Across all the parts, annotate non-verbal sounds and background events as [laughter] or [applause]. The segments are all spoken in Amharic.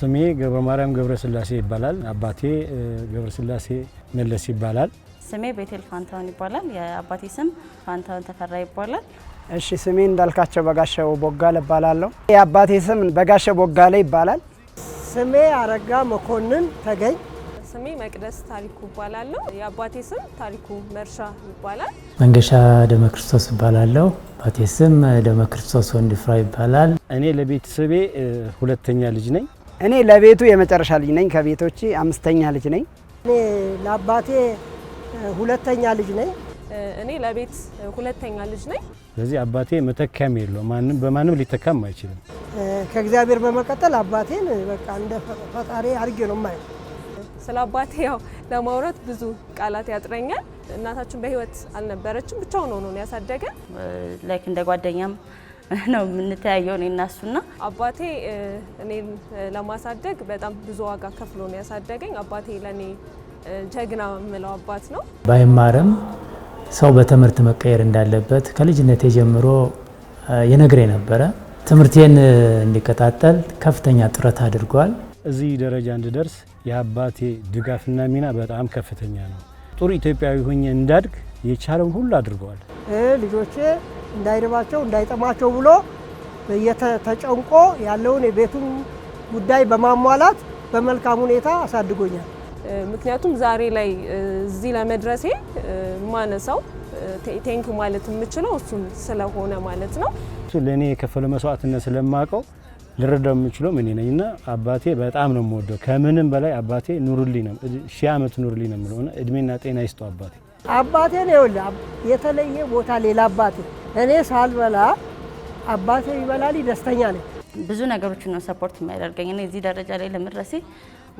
ስሜ ገብረ ገብረስላሴ ይባላል። አባቴ ገብረስላሴ መለስ ይባላል። ስሜ ቤቴል ፋንታውን ይባላል። የአባቴ ስም ፋንታውን ተፈራ ይባላል። እሺ፣ ስሜ እንዳልካቸው በጋሻው ቦጋለ ይባላለሁ። የአባቴ ስም በጋሸው ቦጋለ ይባላል። ስሜ አረጋ መኮንን ተገኝ። ስሜ መቅደስ ታሪኩ ይባላለሁ። የአባቴ ስም ታሪኩ መርሻ ይባላል። መንገሻ ደመ ክርስቶስ ይባላለሁ። አባቴ ስም ደመ ክርስቶስ ወንድፍራ ይባላል። እኔ ለቤተሰቤ ሁለተኛ ልጅ ነኝ። እኔ ለቤቱ የመጨረሻ ልጅ ነኝ። ከቤቶች አምስተኛ ልጅ ነኝ። እኔ ለአባቴ ሁለተኛ ልጅ ነኝ። እኔ ለቤት ሁለተኛ ልጅ ነኝ። ስለዚህ አባቴ መተካም የለው ማንም በማንም ሊተካም አይችልም። ከእግዚአብሔር በመቀጠል አባቴን በቃ እንደ ፈጣሪ አድርጌ ነው የማየው። ስለ አባቴ ያው ለማውራት ብዙ ቃላት ያጥረኛል። እናታችን በህይወት አልነበረችም፣ ብቻውን ሆኖ ነው ያሳደገን ላይክ እንደ ጓደኛም [laughs] ነው የምንተያየው እኔ እና እሱና። አባቴ እኔን ለማሳደግ በጣም ብዙ ዋጋ ከፍሎ ነው ያሳደገኝ። አባቴ ለእኔ ጀግና የምለው አባት ነው። ባይማርም ሰው በትምህርት መቀየር እንዳለበት ከልጅነቴ ጀምሮ የነግሬ ነበረ። ትምህርቴን እንዲቀጣጠል ከፍተኛ ጥረት አድርጓል። እዚህ ደረጃ እንድደርስ የአባቴ ድጋፍና ሚና በጣም ከፍተኛ ነው። ጥሩ ኢትዮጵያዊ ሆኜ እንዳድግ የቻለውን ሁሉ አድርገዋል። ልጆቼ እንዳይርባቸው እንዳይጠማቸው ብሎ ተጨንቆ ያለውን የቤቱን ጉዳይ በማሟላት በመልካም ሁኔታ አሳድጎኛል። ምክንያቱም ዛሬ ላይ እዚህ ለመድረሴ ማነሳው ቴንክ ማለት የምችለው እሱም ስለሆነ ማለት ነው። ለእኔ የከፈለ መስዋዕትነት ስለማውቀው ልረዳው የምችለው እኔ ነኝ እና አባቴ በጣም ነው የምወደው። ከምንም በላይ አባቴ ኑርልኝ ነው ሺ ዓመት ኑርልኝ ነው የምለው። እድሜና ጤና ይስጠው አባቴ። አባቴ ነው የተለየ ቦታ ሌላ አባቴ እኔ ሳልበላ አባቴ ይበላል፣ ደስተኛ ነኝ። ብዙ ነገሮችን ነው ሰፖርት የሚያደርገኝ እኔ እዚህ ደረጃ ላይ ለመድረሴ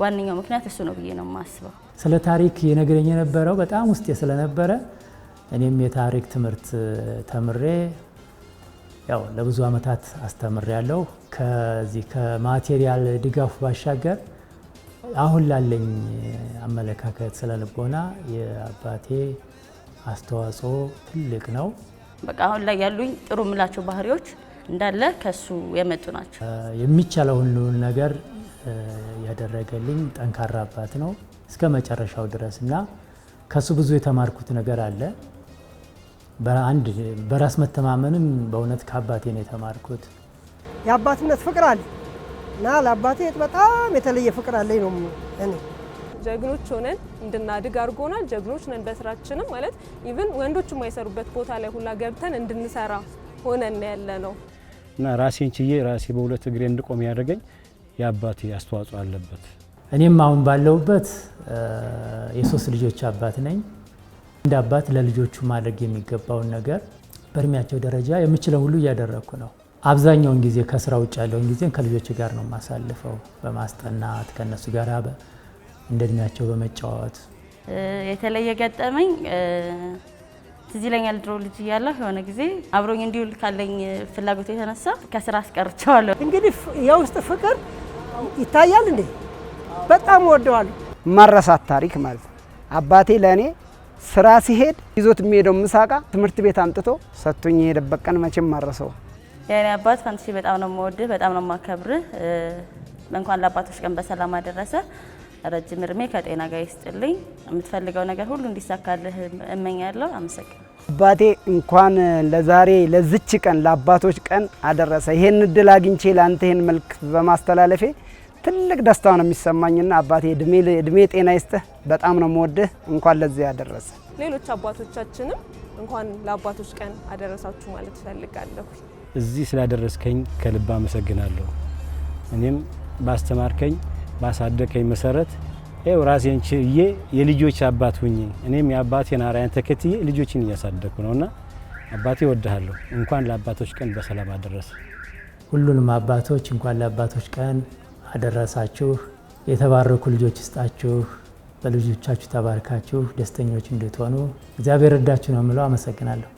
ዋነኛው ምክንያት እሱ ነው ብዬ ነው የማስበው። ስለ ታሪክ የነገረኝ የነበረው በጣም ውስጤ ስለነበረ እኔም የታሪክ ትምህርት ተምሬ ያው ለብዙ ዓመታት አስተምሬ ያለው ከዚህ ከማቴሪያል ድጋፉ ባሻገር አሁን ላለኝ አመለካከት ስነልቦና የአባቴ አስተዋጽኦ ትልቅ ነው። በቃ አሁን ላይ ያሉኝ ጥሩ የምላቸው ባህሪዎች እንዳለ ከሱ የመጡ ናቸው። የሚቻለው ሁሉ ነገር ያደረገልኝ ጠንካራ አባት ነው እስከ መጨረሻው ድረስ እና ከሱ ብዙ የተማርኩት ነገር አለ። በአንድ በራስ መተማመንም በእውነት ከአባቴ ነው የተማርኩት። የአባትነት ፍቅር አለ እና ለአባቴ በጣም የተለየ ፍቅር አለኝ ነው እኔ ጀግኖች ሆነን እንድናድግ አድርጎናል። ጀግኖች ነን በስራችንም ማለት ኢቭን ወንዶች የማይሰሩበት ቦታ ላይ ሁላ ገብተን እንድንሰራ ሆነን ያለ ነው እና ራሴን ችዬ ራሴ በሁለት እግሬ እንድቆም ያደረገኝ የአባቴ አስተዋጽኦ አለበት። እኔም አሁን ባለሁበት የሶስት ልጆች አባት ነኝ። እንደ አባት ለልጆቹ ማድረግ የሚገባውን ነገር በእድሜያቸው ደረጃ የምችለው ሁሉ እያደረግኩ ነው። አብዛኛውን ጊዜ ከስራ ውጭ ያለውን ጊዜ ከልጆች ጋር ነው የማሳልፈው፣ በማስጠናት ከነሱ ጋር እንደ እድሜያቸው በመጫወት የተለየ ገጠመኝ ትዝ ይለኛል። ድሮ ልጅ እያለሁ የሆነ ጊዜ አብሮኝ እንዲውል ካለኝ ፍላጎት የተነሳ ከስራ አስቀርቸዋለሁ። እንግዲህ የውስጥ ፍቅር ይታያል። እንዴ በጣም ወደዋለሁ። ማረሳት ታሪክ ማለት ነው። አባቴ ለእኔ ስራ ሲሄድ ይዞት የሚሄደው ምሳቃ ትምህርት ቤት አምጥቶ ሰጥቶኝ የሄደበት ቀን መቼም ማረሰው። የኔ አባት ፋንትሺ፣ በጣም ነው የምወድህ፣ በጣም ነው የማከብርህ። እንኳን ለአባቶች ቀን በሰላም አደረሰ። ረጅም እድሜ ከጤና ጋር ይስጥልኝ። የምትፈልገው ነገር ሁሉ እንዲሳካልህ እመኛለሁ። አመሰግናለሁ። አባቴ እንኳን ለዛሬ ለዝች ቀን ለአባቶች ቀን አደረሰ። ይሄን እድል አግኝቼ ለአንተ መልክ በማስተላለፌ ትልቅ ደስታ ነው የሚሰማኝና አባቴ እድሜ ጤና ይስጥህ። በጣም ነው የምወድህ። እንኳን ለዚህ ያደረሰ። ሌሎች አባቶቻችንም እንኳን ለአባቶች ቀን አደረሳችሁ ማለት እፈልጋለሁ። እዚህ ስላደረስከኝ ከልብ አመሰግናለሁ። እኔም ባስተማርከኝ ባሳደከኝ መሰረት ይኸው ራሴን ችዬ የልጆች አባት ሁኜ እኔም የአባቴን አርአያን ተከትዬ ልጆችን እያሳደግኩ ነው እና አባቴ እወድሃለሁ። እንኳን ለአባቶች ቀን በሰላም አደረሰ። ሁሉንም አባቶች እንኳን ለአባቶች ቀን አደረሳችሁ። የተባረኩ ልጆች ይስጣችሁ። በልጆቻችሁ ተባርካችሁ ደስተኞች እንድትሆኑ እግዚአብሔር ረዳችሁ ነው የምለው። አመሰግናለሁ።